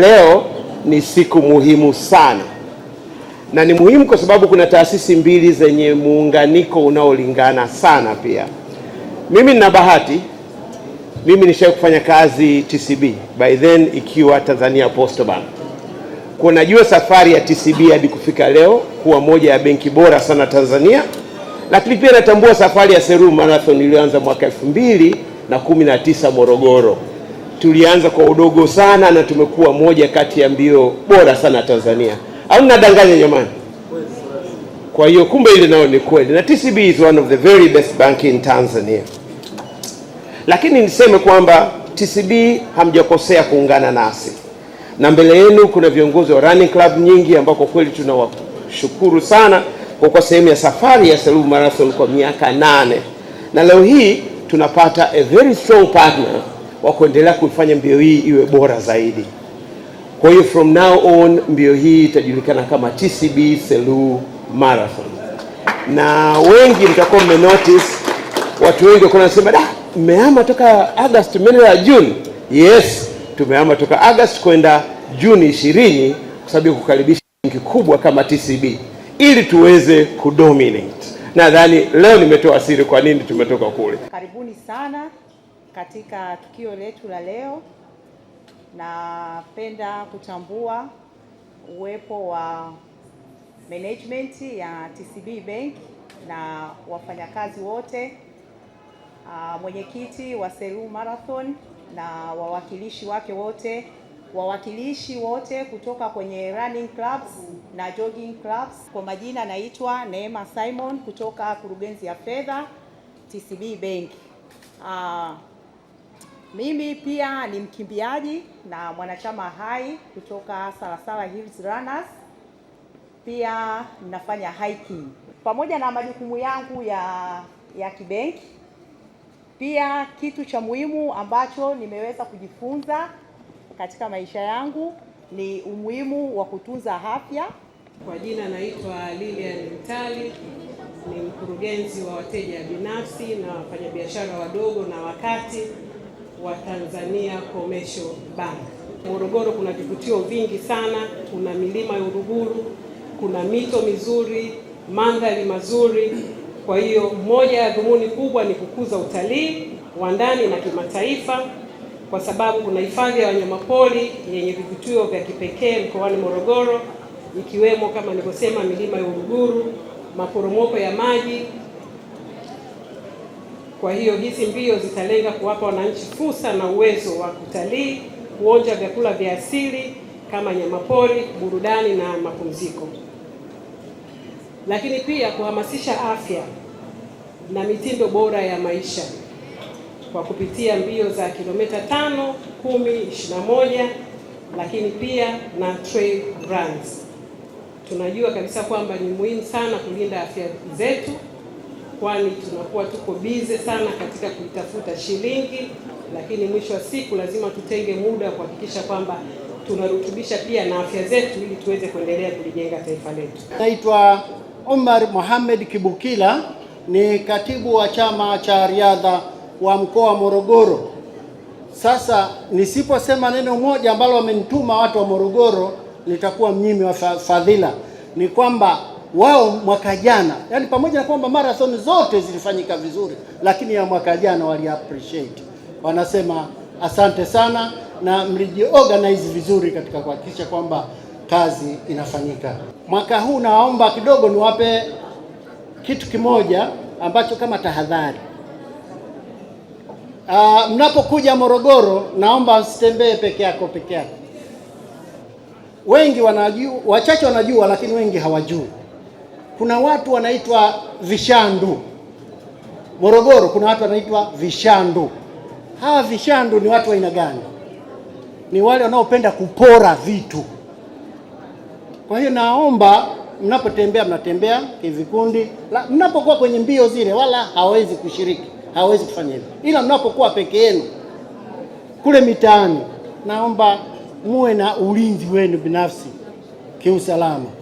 Leo ni siku muhimu sana, na ni muhimu kwa sababu kuna taasisi mbili zenye muunganiko unaolingana sana. Pia mimi nina bahati, mimi nishawahi kufanya kazi TCB, by then ikiwa Tanzania Post Bank. Kwa najua safari ya TCB hadi kufika leo kuwa moja ya benki bora sana Tanzania, lakini pia natambua safari ya Serum Marathon iliyoanza mwaka elfu mbili na kumi na tisa Morogoro tulianza kwa udogo sana na tumekuwa moja kati ya mbio bora sana Tanzania, au nadanganya jamani? Kwa hiyo kumbe ile nayo ni kweli, na TCB is one of the very best bank in Tanzania. Lakini niseme kwamba TCB hamjakosea kuungana nasi, na mbele yenu kuna viongozi wa running club nyingi ambao kwa kweli tunawashukuru sana kwa kuwa sehemu ya safari ya Selous Marathon kwa miaka nane, na leo hii tunapata a very strong partner wa kuendelea kuifanya mbio hii iwe bora zaidi. Kwa hiyo from now on mbio hii itajulikana kama TCB Selous Marathon, na wengi mtakuwa mmenotice, watu wengi wako nasema da, mmehama toka Agosti mnaenda Juni. Yes, tumehama toka August kwenda Juni ishirini kwa sababu kukaribisha benki kubwa kama TCB ili tuweze kudominate. Nadhani leo nimetoa siri kwa nini tumetoka kule. Karibuni sana. Katika tukio letu la leo, napenda kutambua uwepo wa management ya TCB Bank na wafanyakazi wote, mwenyekiti wa Selous Marathon na wawakilishi wake wote, wawakilishi wote kutoka kwenye running clubs na jogging clubs. Kwa majina naitwa Neema Simon kutoka kurugenzi ya fedha TCB Bank. Mimi pia ni mkimbiaji na mwanachama hai kutoka Sarasara Hills Runners. Pia nafanya hiking pamoja na majukumu yangu ya ya kibenki. Pia kitu cha muhimu ambacho nimeweza kujifunza katika maisha yangu ni umuhimu wa kutunza afya. Kwa jina naitwa Lilian Mtali, ni mkurugenzi wa wateja binafsi na wafanyabiashara wadogo na wakati wa Tanzania Commercial Bank. Morogoro kuna vivutio vingi sana, kuna milima ya Uruguru, kuna mito mizuri, mandhari mazuri. Kwa hiyo moja ya dhumuni kubwa ni kukuza utalii wa ndani na kimataifa, kwa sababu kuna hifadhi ya wanyamapori yenye vivutio vya kipekee mkoani Morogoro, ikiwemo kama nilivyosema, milima ya Uruguru, maporomoko ya maji kwa hiyo hizi mbio zitalenga kuwapa wananchi fursa na uwezo wa kutalii, kuonja vyakula vya asili kama nyamapori, burudani na mapumziko, lakini pia kuhamasisha afya na mitindo bora ya maisha kwa kupitia mbio za kilomita tano, kumi, ishirini moja lakini pia na trail runs. Tunajua kabisa kwamba ni muhimu sana kulinda afya zetu kwani tunakuwa tuko bize sana katika kuitafuta shilingi, lakini mwisho wa siku lazima tutenge muda wa kuhakikisha kwamba tunarutubisha pia na afya zetu ili tuweze kuendelea kulijenga taifa letu. Naitwa Omar Mohamed Kibukila, ni katibu wa chama cha riadha wa mkoa wa Morogoro. Sasa nisiposema neno moja ambalo wamenituma watu wa Morogoro, nitakuwa mnyimi wa fadhila. Ni kwamba wao mwaka jana, yani pamoja na kwamba marathon zote zilifanyika vizuri, lakini ya mwaka jana wali appreciate, wanasema asante sana na organize vizuri katika kuhakikisha kwamba kazi inafanyika. Mwaka huu naomba kidogo niwape kitu kimoja ambacho kama tahadhari. Uh, mnapokuja Morogoro naomba msitembee peke yako peke yako. Wengi wanajua, wachache wanajua, lakini wengi hawajui kuna watu wanaitwa vishandu Morogoro, kuna watu wanaitwa vishandu. Hawa vishandu ni watu wa aina gani? Ni wale wanaopenda kupora vitu. Kwa hiyo naomba mnapotembea, mnatembea kivikundi, mnapokuwa kwenye mbio zile, wala hawawezi kushiriki, hawawezi kufanya hivyo, ila mnapokuwa peke yenu kule mitaani, naomba muwe na ulinzi wenu binafsi kiusalama.